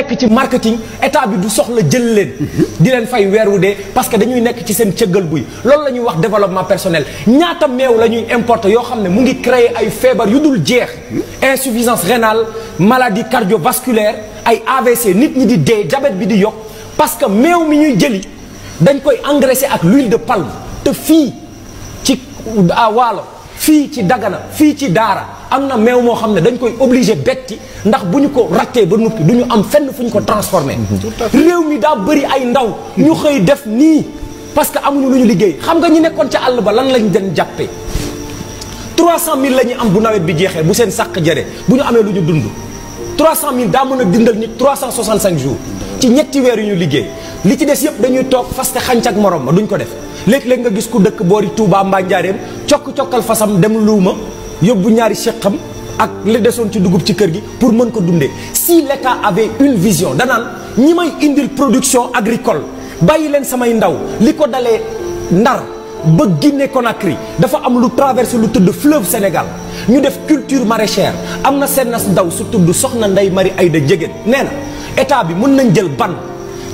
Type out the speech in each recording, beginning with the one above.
le marketing état bi du soxla jël di fay parce que dañuy nek ci buy wax développement personnel ñaata méw lañuy importer ngi créer ay insuffisance rénale maladie cardiovasculaire ay AVC nit ñi di diabète parce que méw mi ñuy jëli dañ koy engraisser ak l'huile de palme te fi ci à fii ci Dagana fii ci Daara am na meew moo xam ne dañ koy obligé betti ndax bu ñu ko rattee ba nuppi du ñu am fenn fu ñu ko transformé mhm. réew mi daa bëri ay ndaw ñu mhm. xëy def nii parce que amuñu lu ñu liggéey xam nga ñi nekkoon ca àll ba lan lañ den jàppee 300000 la ñuy am bu nawet bi jeexee bu seen sàq jere bu ñu amee lu ñu dund 300000 daa mën a dindal nit cinq jours ci ñetti weer yu ñu liggéey li ci des yëpp dañuy toog faste xànc ak morom ma duñ ko def léegi léeg nga gis ku dëkk boori Touba mbaa Njaareem cokk-cokkal fasam dem ma yóbbu ñaari seqam ak li desoon ci dugub ci kër gi pour mën ko dundee si l'État avait une vision danaan ñi may indil production agricole bàyyi leen samay ndaw li ko dalee Ndar ba Guinée Conakry dafa am lu traversé lu tudd fleuve Sénégal ñu def culture maraîchère am na seen daw ndaw su tudd soxna Ndey Mari Ayda Jegéen nee état bi mën nañ jël ban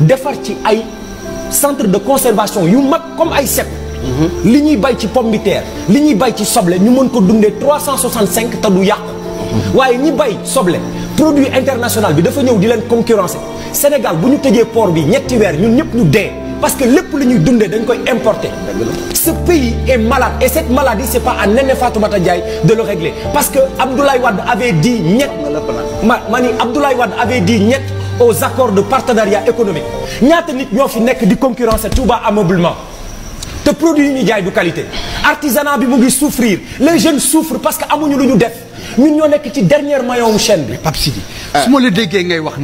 defar ci ay centre de conservation yu mag comme ay set mhm. li ñuy bay ci pomme de terre li ñuy bay ci soble ñu mën ko dundé trois cent soixante cinq du yàqu mhm. waye ñi bay soble produit international bi dafa ñëw di leen concurrencer Sénégal buñu ñu port bi ñetti weer ñun ñëpp ñu dé parce que lepp lu ñuy dundee dañ koy importer ce pays est malade et cette maladie c'est pas à Néné Fatoumata Ndiaye de le régler parce que Abdoulaye Wade avait dit ñett ma ma Abdoulaye Wade avait dit ñet aux accords de partenariat économique ñaata nit ñoo fi de di et tout Ameublement te produit une ñuy du qualité artisanat bi mu souffrir les jeunes souffrent parce que amuñu lu ñu def ñun ñoo nekk ci dernière maillon chaîne bi. si, Sidi su ma la ngay wax